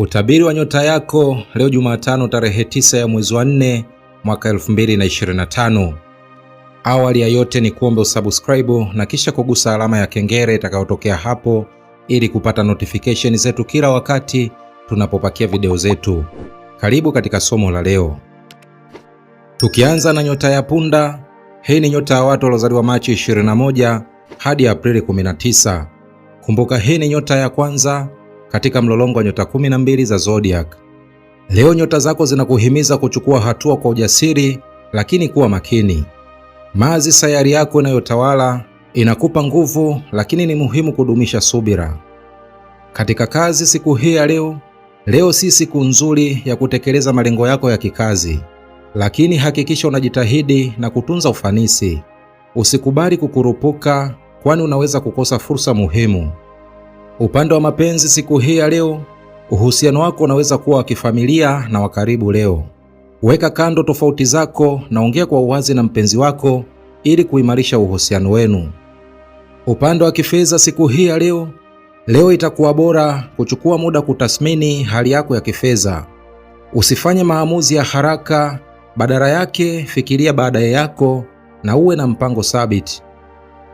Utabiri wa nyota yako leo Jumatano tarehe 9 ya mwezi wa 4 mwaka 2025. Awali ya yote ni kuombe usubscribe na kisha kugusa alama ya kengele itakayotokea hapo ili kupata notification zetu kila wakati tunapopakia video zetu. Karibu katika somo la leo. Tukianza na nyota ya punda, hii ni nyota ya watu waliozaliwa Machi 21 hadi Aprili 19. Kumbuka hii ni nyota ya kwanza katika mlolongo wa nyota 12 za zodiac. Leo nyota zako zinakuhimiza kuchukua hatua kwa ujasiri, lakini kuwa makini. Mazi, sayari yako inayotawala inakupa nguvu, lakini ni muhimu kudumisha subira katika kazi. Siku hii ya leo, leo si siku nzuri ya kutekeleza malengo yako ya kikazi, lakini hakikisha unajitahidi na kutunza ufanisi. Usikubali kukurupuka, kwani unaweza kukosa fursa muhimu. Upande wa mapenzi siku hii ya leo, uhusiano wako unaweza kuwa wa kifamilia na wa karibu leo. Weka kando tofauti zako na ongea kwa uwazi na mpenzi wako ili kuimarisha uhusiano wenu. Upande wa kifedha siku hii ya leo, leo itakuwa bora kuchukua muda kutathmini hali yako ya kifedha. Usifanye maamuzi ya haraka, badala yake fikiria baadaye yako na uwe na mpango thabiti.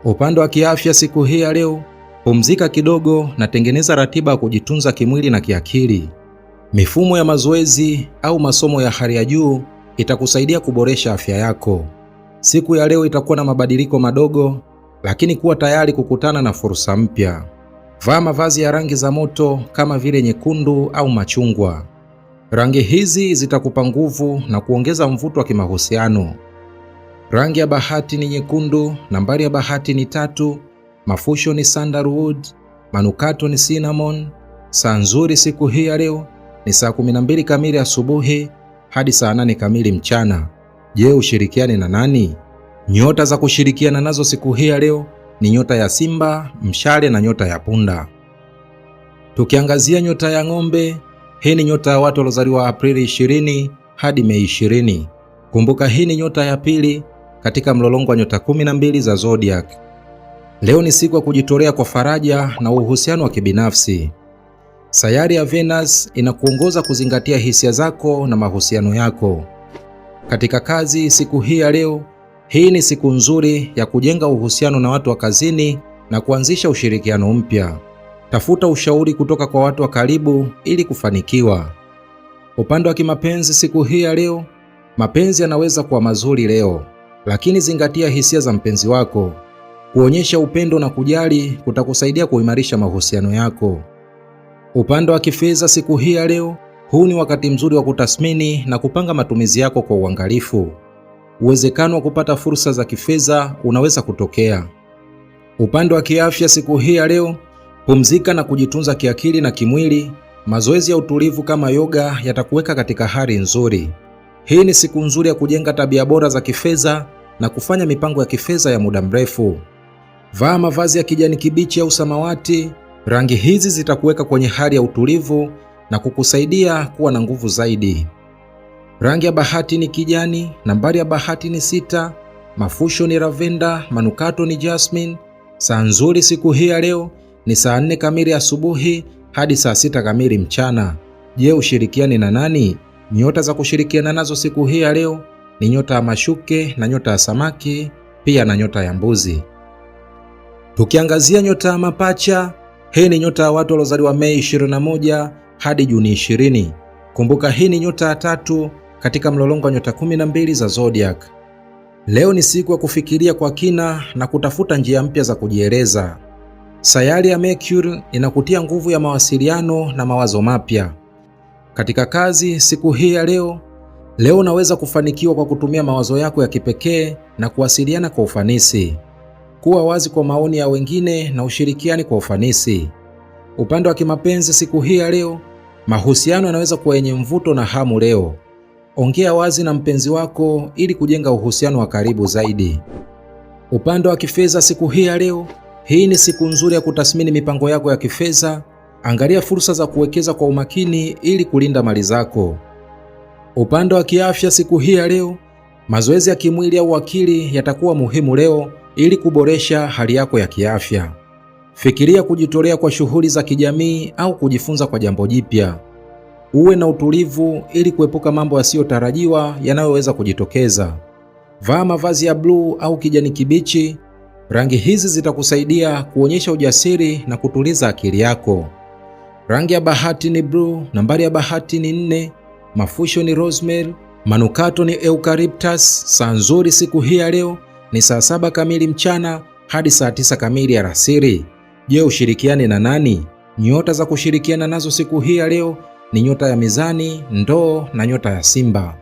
Upande wa kiafya siku hii ya leo, pumzika kidogo na tengeneza ratiba ya kujitunza kimwili na kiakili. Mifumo ya mazoezi au masomo ya hali ya juu itakusaidia kuboresha afya yako. Siku ya leo itakuwa na mabadiliko madogo, lakini kuwa tayari kukutana na fursa mpya. Vaa mavazi ya rangi za moto kama vile nyekundu au machungwa. Rangi hizi zitakupa nguvu na kuongeza mvuto wa kimahusiano. Rangi ya bahati ni nyekundu, nambari ya bahati ni tatu, mafusho ni sandalwood, manukato ni cinnamon. Saa nzuri siku hii ya leo ni saa 12 kamili asubuhi hadi saa 8 kamili mchana. Je, ushirikiane na nani? Nyota za kushirikiana nazo siku hii ya leo ni nyota ya simba, mshale na nyota ya punda. Tukiangazia nyota ya ng'ombe, hii ni nyota ya watu waliozaliwa Aprili 20 hadi Mei 20. Kumbuka hii ni nyota ya pili katika mlolongo wa nyota 12 za zodiac. Leo ni siku ya kujitolea kwa faraja na uhusiano wa kibinafsi. Sayari ya Venus inakuongoza kuzingatia hisia zako na mahusiano yako. Katika kazi siku hii ya leo, hii ni siku nzuri ya kujenga uhusiano na watu wa kazini na kuanzisha ushirikiano mpya. Tafuta ushauri kutoka kwa watu wa karibu ili kufanikiwa. Upande wa kimapenzi siku hii ya leo, mapenzi yanaweza kuwa mazuri leo, lakini zingatia hisia za mpenzi wako. Kuonyesha upendo na kujali kutakusaidia kuimarisha mahusiano yako. Upande wa kifedha siku hii ya leo, huu ni wakati mzuri wa kutathmini na kupanga matumizi yako kwa uangalifu. Uwezekano wa kupata fursa za kifedha unaweza kutokea. Upande wa kiafya siku hii ya leo, pumzika na kujitunza kiakili na kimwili. Mazoezi ya utulivu kama yoga yatakuweka katika hali nzuri. Hii ni siku nzuri ya kujenga tabia bora za kifedha na kufanya mipango ya kifedha ya muda mrefu. Vaa mavazi ya kijani kibichi au samawati. Rangi hizi zitakuweka kwenye hali ya utulivu na kukusaidia kuwa na nguvu zaidi. Rangi ya bahati ni kijani. Nambari ya bahati ni sita. Mafusho ni lavenda, manukato ni jasmine. Saa nzuri siku hii ya leo ni saa nne kamili asubuhi hadi saa sita kamili mchana. Je, ushirikiani na nani? Nyota za kushirikiana nazo siku hii ya leo ni nyota ya mashuke na nyota ya samaki, pia na nyota ya mbuzi. Tukiangazia nyota ya mapacha, hii ni nyota ya watu waliozaliwa Mei 21 hadi Juni 20. Kumbuka hii ni nyota ya tatu katika mlolongo wa nyota 12 za zodiac. Leo ni siku ya kufikiria kwa kina na kutafuta njia mpya za kujieleza. Sayari ya Mercury inakutia nguvu ya mawasiliano na mawazo mapya. Katika kazi siku hii ya leo, leo unaweza kufanikiwa kwa kutumia mawazo yako ya kipekee na kuwasiliana kwa ufanisi kuwa wazi kwa maoni ya wengine na ushirikiani kwa ufanisi. Upande wa kimapenzi siku hii ya leo, mahusiano yanaweza kuwa yenye mvuto na hamu leo. Ongea wazi na mpenzi wako ili kujenga uhusiano wa karibu zaidi. Upande wa kifedha siku hii ya leo, hii ni siku nzuri ya kutathmini mipango yako ya kifedha. Angalia fursa za kuwekeza kwa umakini ili kulinda mali zako. Upande wa kiafya siku hii ya leo, mazoezi ya kimwili au akili yatakuwa muhimu leo ili kuboresha hali yako ya kiafya. Fikiria kujitolea kwa shughuli za kijamii au kujifunza kwa jambo jipya. Uwe na utulivu ili kuepuka mambo yasiyotarajiwa yanayoweza kujitokeza. Vaa mavazi ya bluu au kijani kibichi. Rangi hizi zitakusaidia kuonyesha ujasiri na kutuliza akili yako. Rangi ya bahati ni bluu, nambari ya bahati ni nne, mafusho ni rosemary, manukato ni eucalyptus. Saa nzuri siku hii ya leo ni saa saba kamili mchana hadi saa tisa kamili alasiri. Je, ushirikiane na nani? Nyota za kushirikiana nazo siku hii ya leo ni nyota ya Mizani, Ndoo na nyota ya Simba.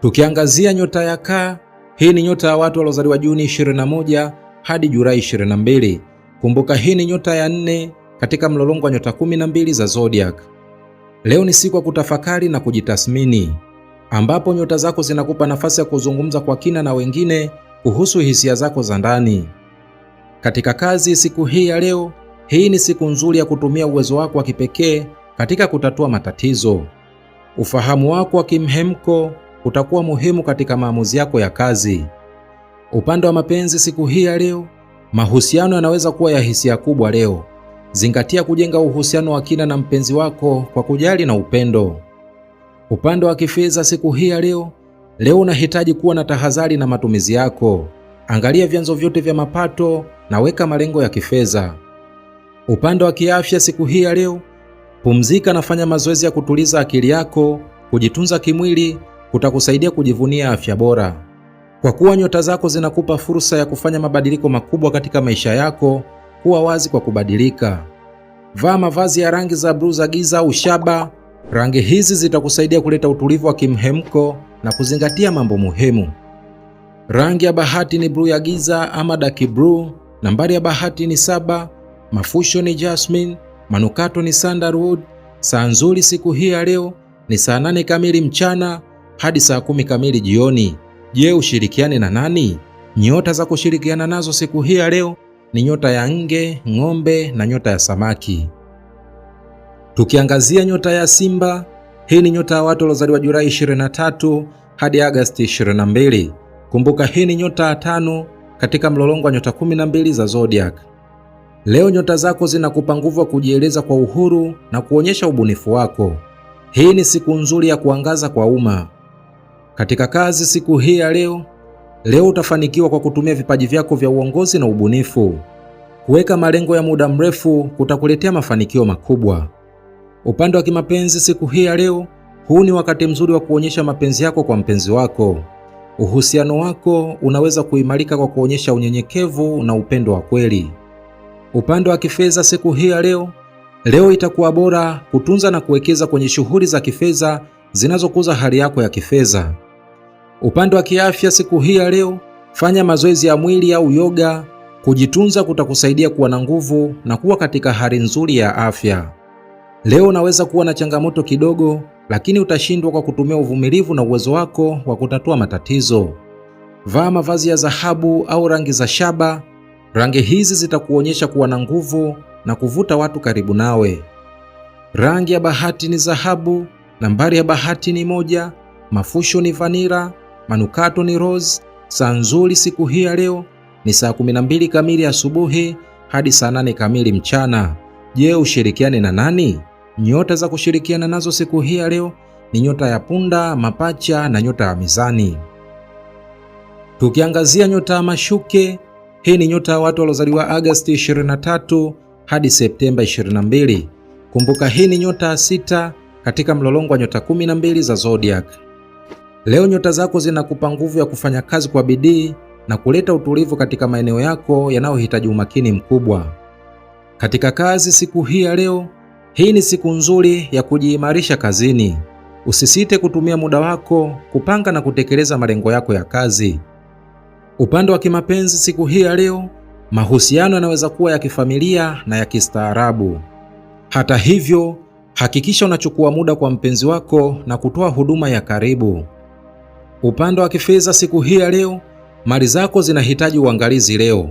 Tukiangazia nyota ya Kaa, hii ni nyota ya watu waliozaliwa Juni 21 hadi Julai 22. Kumbuka hii ni nyota ya nne katika mlolongo wa nyota 12 za zodiac. Leo ni siku ya kutafakari na kujitathmini ambapo nyota zako zinakupa nafasi ya kuzungumza kwa kina na wengine kuhusu hisia zako za ndani. Katika kazi siku hii ya leo, hii ni siku nzuri ya kutumia uwezo wako wa kipekee katika kutatua matatizo. Ufahamu wako wa kimhemko utakuwa muhimu katika maamuzi yako ya kazi. Upande wa mapenzi siku hii ya leo, mahusiano yanaweza kuwa ya hisia kubwa leo. Zingatia kujenga uhusiano wa kina na mpenzi wako kwa kujali na upendo. Upande wa kifedha siku hii ya leo, leo unahitaji kuwa na tahadhari na matumizi yako. Angalia vyanzo vyote vya mapato na weka malengo ya kifedha. Upande wa kiafya siku hii ya leo, pumzika na fanya mazoezi ya kutuliza akili yako. Kujitunza kimwili kutakusaidia kujivunia afya bora. Kwa kuwa nyota zako zinakupa fursa ya kufanya mabadiliko makubwa katika maisha yako, kuwa wazi kwa kubadilika. Vaa mavazi ya rangi za bluu za giza au shaba Rangi hizi zitakusaidia kuleta utulivu wa kimhemko na kuzingatia mambo muhimu. Rangi ya bahati ni bluu ya giza ama dark blue. Nambari ya bahati ni saba. Mafusho ni jasmine, manukato ni sandalwood. Saa nzuri siku hii ya leo ni saa nane kamili mchana hadi saa kumi kamili jioni. Je, ushirikiane na nani? Nyota za kushirikiana nazo siku hii ya leo ni nyota ya nge, ng'ombe na nyota ya samaki. Tukiangazia nyota ya Simba, hii ni nyota ya watu waliozaliwa Julai 23 hadi Agasti 22. Kumbuka hii ni nyota ya tano katika mlolongo wa nyota 12 za zodiac. Leo nyota zako zinakupa nguvu ya kujieleza kwa uhuru na kuonyesha ubunifu wako. Hii ni siku nzuri ya kuangaza kwa umma. Katika kazi siku hii ya leo, leo utafanikiwa kwa kutumia vipaji vyako vya uongozi na ubunifu. Kuweka malengo ya muda mrefu kutakuletea mafanikio makubwa. Upande wa kimapenzi siku hii ya leo, huu ni wakati mzuri wa kuonyesha mapenzi yako kwa mpenzi wako. Uhusiano wako unaweza kuimarika kwa kuonyesha unyenyekevu na upendo wa kweli. Upande wa kifedha siku hii ya leo, leo itakuwa bora kutunza na kuwekeza kwenye shughuli za kifedha zinazokuza hali yako ya kifedha. Upande wa kiafya siku hii ya leo, fanya mazoezi ya mwili au yoga. Kujitunza kutakusaidia kuwa na nguvu na kuwa katika hali nzuri ya afya. Leo unaweza kuwa na changamoto kidogo, lakini utashindwa kwa kutumia uvumilivu na uwezo wako wa kutatua matatizo. Vaa mavazi ya dhahabu au rangi za shaba. Rangi hizi zitakuonyesha kuwa na nguvu na kuvuta watu karibu nawe. Rangi ya bahati ni dhahabu, nambari ya bahati ni moja, mafusho ni vanira, manukato ni rose. Saa nzuri siku hii ya leo ni saa 12 kamili asubuhi hadi saa 8 kamili mchana. Je, ushirikiane na nani? Nyota za kushirikiana nazo siku hii ya leo ni nyota ya punda, mapacha na nyota ya mizani. Tukiangazia nyota ya mashuke, hii ni nyota ya watu waliozaliwa Agosti 23 hadi Septemba 22. Kumbuka hii ni nyota ya sita katika mlolongo wa nyota 12 za zodiac. Leo nyota zako zinakupa nguvu ya kufanya kazi kwa bidii na kuleta utulivu katika maeneo yako yanayohitaji umakini mkubwa. Katika kazi siku hii ya leo, hii ni siku nzuri ya kujiimarisha kazini. Usisite kutumia muda wako kupanga na kutekeleza malengo yako ya kazi. Upande wa kimapenzi, siku hii ya leo, mahusiano yanaweza kuwa ya kifamilia na ya kistaarabu. Hata hivyo, hakikisha unachukua muda kwa mpenzi wako na kutoa huduma ya karibu. Upande wa kifedha, siku hii ya leo, mali zako zinahitaji uangalizi leo.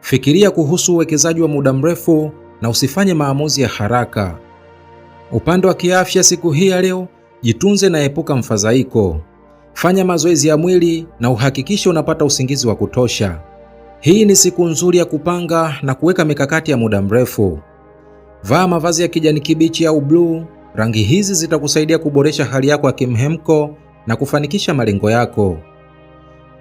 Fikiria kuhusu uwekezaji wa muda mrefu na usifanye maamuzi ya haraka. Upande wa kiafya siku hii ya leo, jitunze na epuka mfadhaiko. Fanya mazoezi ya mwili na uhakikishe unapata usingizi wa kutosha. Hii ni siku nzuri ya kupanga na kuweka mikakati ya muda mrefu. Vaa mavazi ya kijani kibichi au bluu. Rangi hizi zitakusaidia kuboresha hali yako ya kimhemko na kufanikisha malengo yako.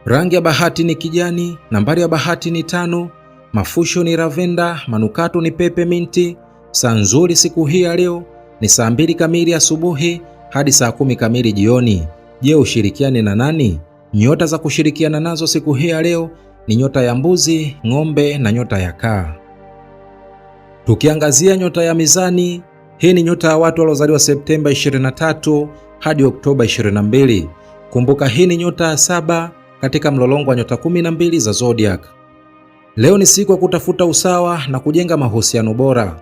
Rangi ya bahati ni kijani. Nambari ya bahati ni tano. Mafusho ni ravenda, manukato ni pepe minti. Saa nzuri siku hii ya leo ni saa mbili kamili asubuhi hadi saa kumi kamili jioni. Je, ushirikiane na nani? Nyota za kushirikiana nazo siku hii ya leo ni nyota ya mbuzi, ng'ombe na nyota ya kaa. Tukiangazia nyota ya mizani, hii ni nyota ya watu waliozaliwa Septemba 23 hadi Oktoba 22. Kumbuka hii ni nyota ya saba katika mlolongo wa nyota 12 za zodiac. Leo ni siku ya kutafuta usawa na kujenga mahusiano bora.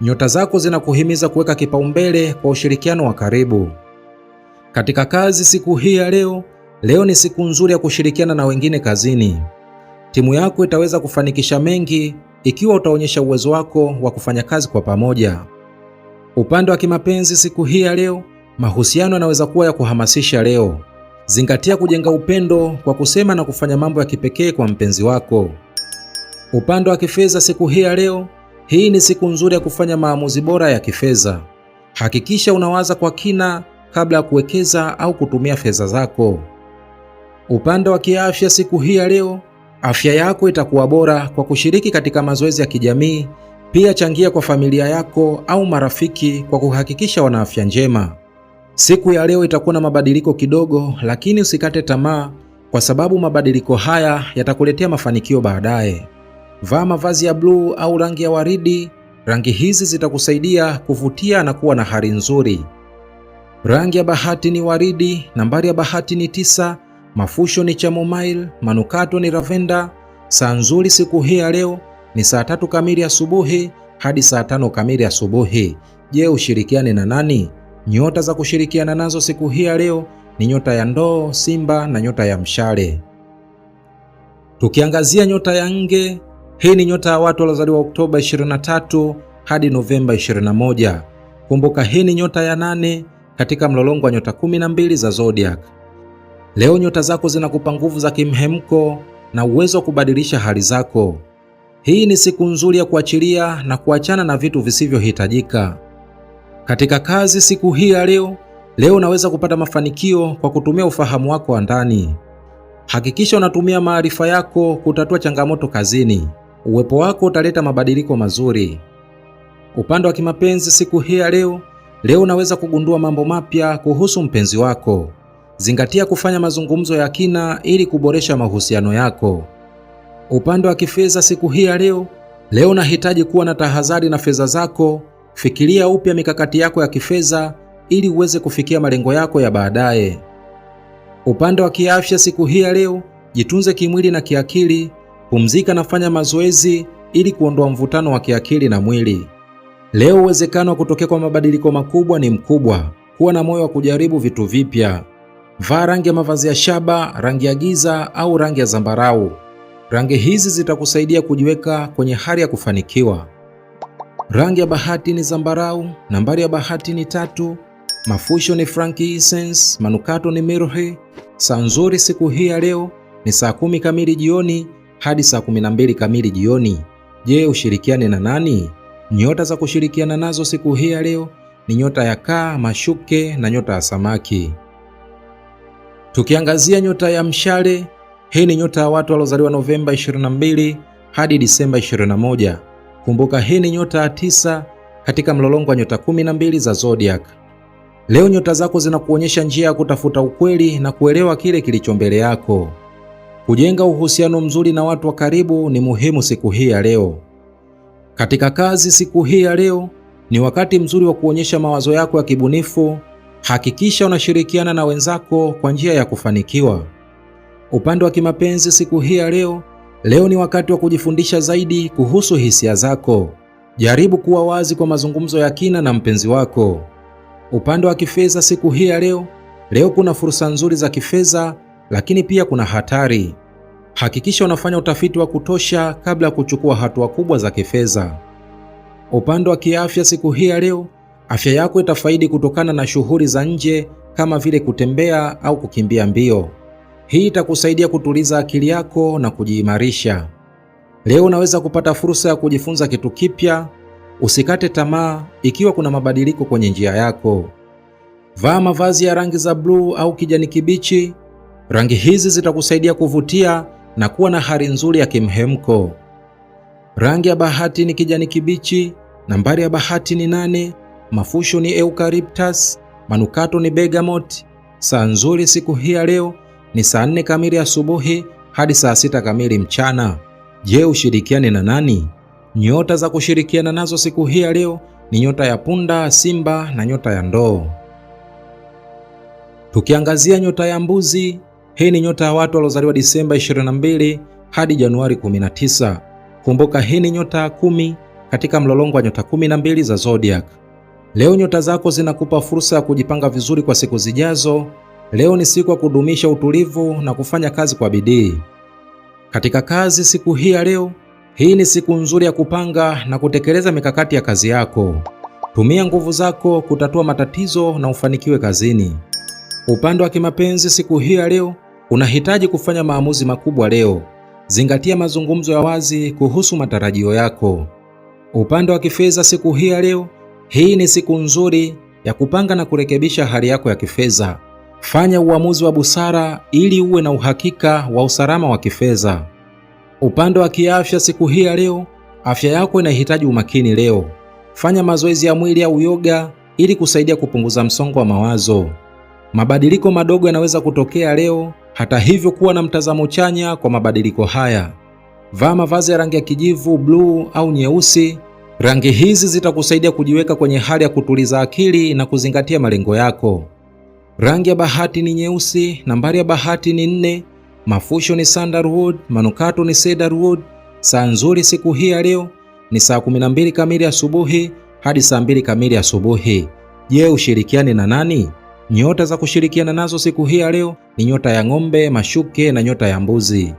Nyota zako zinakuhimiza kuweka kipaumbele kwa ushirikiano wa karibu katika kazi. Siku hii ya leo, leo ni siku nzuri ya kushirikiana na wengine kazini. Timu yako itaweza kufanikisha mengi ikiwa utaonyesha uwezo wako wa kufanya kazi kwa pamoja. Upande wa kimapenzi, siku hii ya leo, mahusiano yanaweza kuwa ya kuhamasisha leo. Zingatia kujenga upendo kwa kusema na kufanya mambo ya kipekee kwa mpenzi wako. Upande wa kifedha siku hii ya leo, hii ni siku nzuri ya kufanya maamuzi bora ya kifedha. Hakikisha unawaza kwa kina kabla ya kuwekeza au kutumia fedha zako. Upande wa kiafya siku hii ya leo, afya yako itakuwa bora kwa kushiriki katika mazoezi ya kijamii. Pia changia kwa familia yako au marafiki kwa kuhakikisha wana afya njema. Siku ya leo itakuwa na mabadiliko kidogo, lakini usikate tamaa kwa sababu mabadiliko haya yatakuletea mafanikio baadaye vaa mavazi ya bluu au rangi ya waridi. Rangi hizi zitakusaidia kuvutia na kuwa na hali nzuri. Rangi ya bahati ni waridi, nambari ya bahati ni tisa, mafusho ni chamomile, manukato ni lavenda. Saa nzuri siku hii ya leo ni saa tatu kamili asubuhi hadi saa tano kamili asubuhi. Je, ushirikiane na nani? Nyota za kushirikiana nazo siku hii ya leo ni nyota ya ndoo, simba na nyota ya mshale. Tukiangazia nyota ya nge, hii ni nyota ya watu waliozaliwa Oktoba 23 hadi Novemba 21. Kumbuka hii ni nyota ya nane katika mlolongo wa nyota 12 za zodiac. Leo nyota zako zinakupa nguvu za kimhemko na uwezo wa kubadilisha hali zako. Hii ni siku nzuri ya kuachilia na kuachana na vitu visivyohitajika. Katika kazi siku hii ya leo, leo unaweza kupata mafanikio kwa kutumia ufahamu wako wa ndani. Hakikisha unatumia maarifa yako kutatua changamoto kazini. Uwepo wako utaleta mabadiliko mazuri. Upande wa kimapenzi siku hii ya leo, leo unaweza kugundua mambo mapya kuhusu mpenzi wako. Zingatia kufanya mazungumzo ya kina ili kuboresha mahusiano yako. Upande wa kifedha siku hii ya leo, leo unahitaji kuwa na tahadhari na fedha zako. Fikiria upya mikakati yako ya kifedha ili uweze kufikia malengo yako ya baadaye. Upande wa kiafya siku hii ya leo, jitunze kimwili na kiakili pumzika na fanya mazoezi ili kuondoa mvutano wa kiakili na mwili. Leo uwezekano wa kutokea kwa mabadiliko makubwa ni mkubwa. Kuwa na moyo wa kujaribu vitu vipya. Vaa rangi ya mavazi ya shaba, rangi ya giza au rangi ya zambarau. Rangi hizi zitakusaidia kujiweka kwenye hali ya kufanikiwa. Rangi ya bahati ni zambarau. Nambari ya bahati ni tatu. Mafusho ni frankincense. Manukato ni mirhi. Saa nzuri siku hii ya leo ni saa kumi kamili jioni hadi saa 12 kamili jioni. Je, ushirikiane na nani? Nyota za kushirikiana nazo siku hii ya leo ni nyota ya kaa, mashuke na nyota ya samaki. Tukiangazia nyota ya mshale, hii ni nyota ya watu waliozaliwa Novemba 22 hadi Disemba 21. Kumbuka hii ni nyota ya tisa katika mlolongo wa nyota 12 za zodiac. Leo nyota zako zinakuonyesha njia ya kutafuta ukweli na kuelewa kile kilicho mbele yako. Kujenga uhusiano mzuri na watu wa karibu ni muhimu siku hii ya leo. Katika kazi siku hii ya leo ni wakati mzuri wa kuonyesha mawazo yako ya kibunifu. Hakikisha unashirikiana na wenzako kwa njia ya kufanikiwa. Upande wa kimapenzi siku hii ya leo, leo ni wakati wa kujifundisha zaidi kuhusu hisia zako. Jaribu kuwa wazi kwa mazungumzo ya kina na mpenzi wako. Upande wa kifedha siku hii ya leo, leo kuna fursa nzuri za kifedha lakini pia kuna hatari. Hakikisha unafanya utafiti wa kutosha kabla ya kuchukua hatua kubwa za kifedha. Upande wa kiafya, siku hii ya leo, afya yako itafaidi kutokana na shughuli za nje kama vile kutembea au kukimbia mbio. Hii itakusaidia kutuliza akili yako na kujiimarisha. Leo unaweza kupata fursa ya kujifunza kitu kipya. Usikate tamaa ikiwa kuna mabadiliko kwenye njia yako. Vaa mavazi ya rangi za bluu au kijani kibichi Rangi hizi zitakusaidia kuvutia na kuwa na hali nzuri ya kimhemko. Rangi ya bahati ni kijani kibichi, nambari ya bahati ni nane, mafusho ni eucalyptus, manukato ni bergamot. Saa nzuri siku hii ya leo ni saa nne kamili asubuhi hadi saa sita kamili mchana. Je, ushirikiane na nani? Nyota za kushirikiana nazo siku hii ya leo ni nyota ya punda, simba na nyota ya ndoo. Tukiangazia nyota ya mbuzi, hii ni nyota ya watu waliozaliwa Disemba 22 hadi Januari 19. Kumbuka, hii ni nyota ya kumi katika mlolongo wa nyota 12 za zodiac. Leo nyota zako zinakupa fursa ya kujipanga vizuri kwa siku zijazo. Leo ni siku ya kudumisha utulivu na kufanya kazi kwa bidii. Katika kazi siku hii ya leo, hii ni siku nzuri ya kupanga na kutekeleza mikakati ya kazi yako. Tumia nguvu zako kutatua matatizo na ufanikiwe kazini. Upande wa kimapenzi siku hii ya leo, Unahitaji kufanya maamuzi makubwa leo. Zingatia mazungumzo ya wazi kuhusu matarajio yako. Upande wa kifedha siku hii ya leo, hii ni siku nzuri ya kupanga na kurekebisha hali yako ya kifedha. Fanya uamuzi wa busara ili uwe na uhakika wa usalama wa kifedha. Upande wa kiafya siku hii ya leo, afya yako inahitaji umakini leo. Fanya mazoezi ya mwili au yoga ili kusaidia kupunguza msongo wa mawazo. Mabadiliko madogo yanaweza kutokea leo hata hivyo, kuwa na mtazamo chanya kwa mabadiliko haya. Vaa mavazi ya rangi ya kijivu, bluu au nyeusi. Rangi hizi zitakusaidia kujiweka kwenye hali ya kutuliza akili na kuzingatia malengo yako. Rangi ya bahati ni nyeusi, nambari ya bahati ni nne, mafusho ni sandalwood, manukato ni cedarwood. Saa nzuri siku hii ya leo ni saa 12 kamili asubuhi hadi saa 2 kamili asubuhi. Je, ushirikiane na nani? Nyota za kushirikiana nazo siku hii ya leo ni nyota ya ng'ombe, mashuke na nyota ya mbuzi.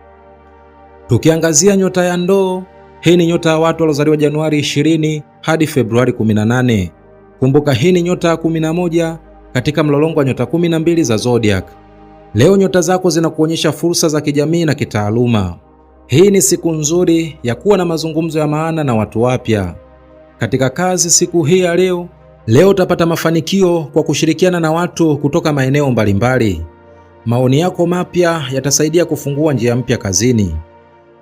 Tukiangazia nyota ya ndoo, hii ni nyota ya watu waliozaliwa Januari 20 hadi Februari 18. Kumbuka hii ni nyota ya 11 katika mlolongo wa nyota 12 za zodiac. Leo nyota zako zinakuonyesha fursa za kijamii na kitaaluma. Hii ni siku nzuri ya kuwa na mazungumzo ya maana na watu wapya. Katika kazi siku hii ya leo, Leo utapata mafanikio kwa kushirikiana na watu kutoka maeneo mbalimbali. Maoni yako mapya yatasaidia kufungua njia mpya kazini.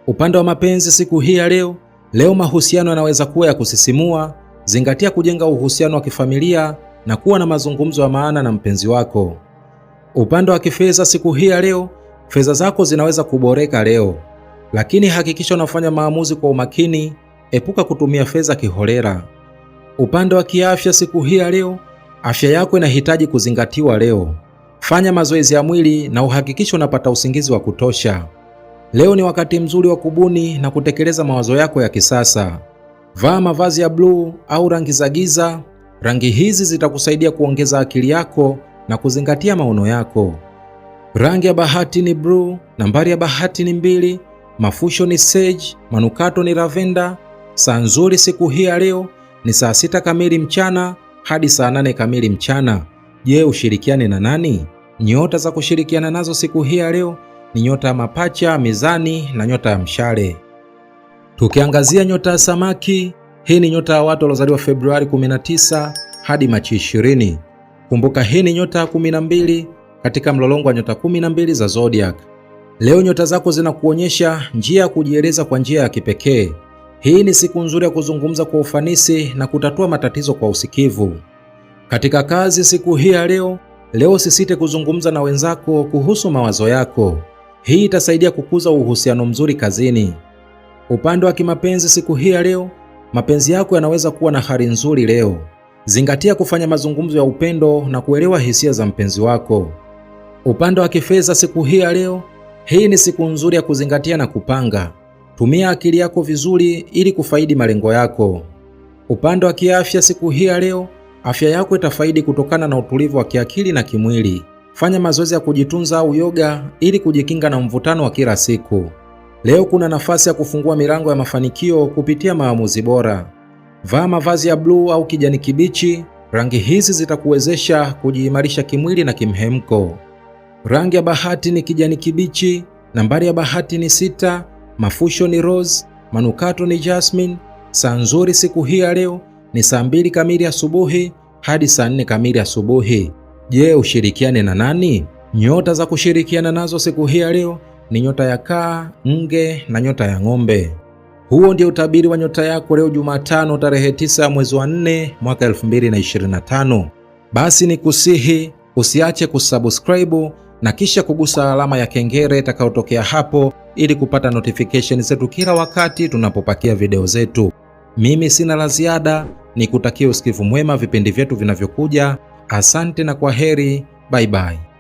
Upande wa mapenzi siku hii ya leo, leo mahusiano yanaweza kuwa ya kusisimua. Zingatia kujenga uhusiano wa kifamilia na kuwa na mazungumzo ya maana na mpenzi wako. Upande wa kifedha siku hii ya leo, fedha zako zinaweza kuboreka leo, lakini hakikisha unafanya maamuzi kwa umakini. Epuka kutumia fedha kiholela. Upande wa kiafya siku hii ya leo, afya yako inahitaji kuzingatiwa leo. Fanya mazoezi ya mwili na uhakikishe unapata usingizi wa kutosha. Leo ni wakati mzuri wa kubuni na kutekeleza mawazo yako ya kisasa. Vaa mavazi ya bluu au rangi za giza. Rangi hizi zitakusaidia kuongeza akili yako na kuzingatia maono yako. Rangi ya bahati ni bluu, nambari ya bahati ni mbili, mafusho ni sage, manukato ni lavenda. Saa nzuri siku hii ya leo ni saa sita kamili mchana hadi saa nane kamili mchana. Je, ushirikiane na nani? Nyota za kushirikiana nazo siku hii ya leo ni nyota ya mapacha, mizani na nyota ya mshale. Tukiangazia nyota ya samaki, hii ni nyota ya watu waliozaliwa Februari 19 hadi Machi 20. Kumbuka hii ni nyota ya 12 katika mlolongo wa nyota 12 za zodiac. Leo nyota zako zinakuonyesha njia ya kujieleza kwa njia ya kipekee. Hii ni siku nzuri ya kuzungumza kwa ufanisi na kutatua matatizo kwa usikivu. Katika kazi siku hii ya leo, leo sisite kuzungumza na wenzako kuhusu mawazo yako. Hii itasaidia kukuza uhusiano mzuri kazini. Upande wa kimapenzi siku hii ya leo, mapenzi yako yanaweza kuwa na hali nzuri leo. Zingatia kufanya mazungumzo ya upendo na kuelewa hisia za mpenzi wako. Upande wa kifedha siku hii ya leo, hii ni siku nzuri ya kuzingatia na kupanga. Tumia akili yako vizuri ili kufaidi malengo yako. Upande wa kiafya siku hii ya leo, afya yako itafaidi kutokana na utulivu wa kiakili na kimwili. Fanya mazoezi ya kujitunza au yoga ili kujikinga na mvutano wa kila siku. Leo kuna nafasi ya kufungua milango ya mafanikio kupitia maamuzi bora. Vaa mavazi ya bluu au kijani kibichi. Rangi hizi zitakuwezesha kujiimarisha kimwili na kimhemko. Rangi ya bahati ni kijani kibichi. Nambari ya bahati ni sita. Mafusho ni Rose, manukato ni Jasmine. Saa nzuri siku hii ya leo ni saa mbili kamili asubuhi hadi saa nne kamili asubuhi. Je, ushirikiane na nani? Nyota za kushirikiana nazo siku hii ya leo ni nyota ya kaa, nge na nyota ya ng'ombe. Huo ndio utabiri wa nyota yako leo Jumatano tarehe 9 mwezi wa 4 mwaka 2025. Basi ni kusihi usiache kusubscribe na kisha kugusa alama ya kengele itakayotokea hapo ili kupata notification zetu kila wakati tunapopakia video zetu. Mimi sina la ziada, nikutakia usikivu mwema vipindi vyetu vinavyokuja. Asante na kwa heri, bye bye.